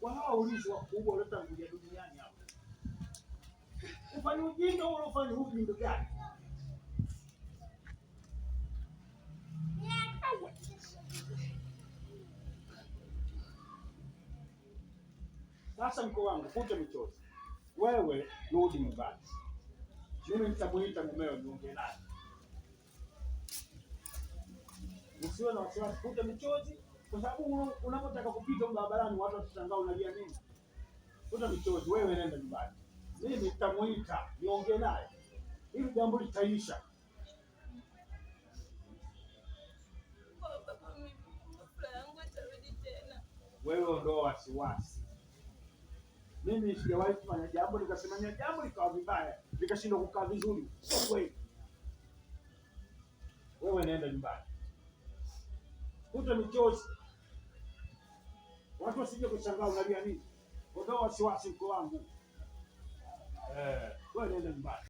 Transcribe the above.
kwa hawa ulinzi wakubwa waliotangulia duniani hapa. Ufanye ujinga huo uliofanya huu ni gani? Sasa mko wangu kuja michozi, wewe rudi nyumbani, mimi nitamuita mumeo niongee naye. Usiwe na wasiwasi, kuja michozi kwa sababu unapotaka kupita barabarani watu watashangaa unalia nini. Uta michozi wewe, nenda nyumbani, mimi nitamuita niongee naye, hili jambo litaisha. Wewe ndo wasiwasi. Mimi sijawahi kufanya jambo nikasemania jambo likawa vibaya likashindwa kukaa vizuri, sio kweli. Wewe nenda nyumbani, uta michozi watu wasije kushangaa unalia nini. Ondoa wasiwasi mko wangu, eh. wewe nenda nyumbani.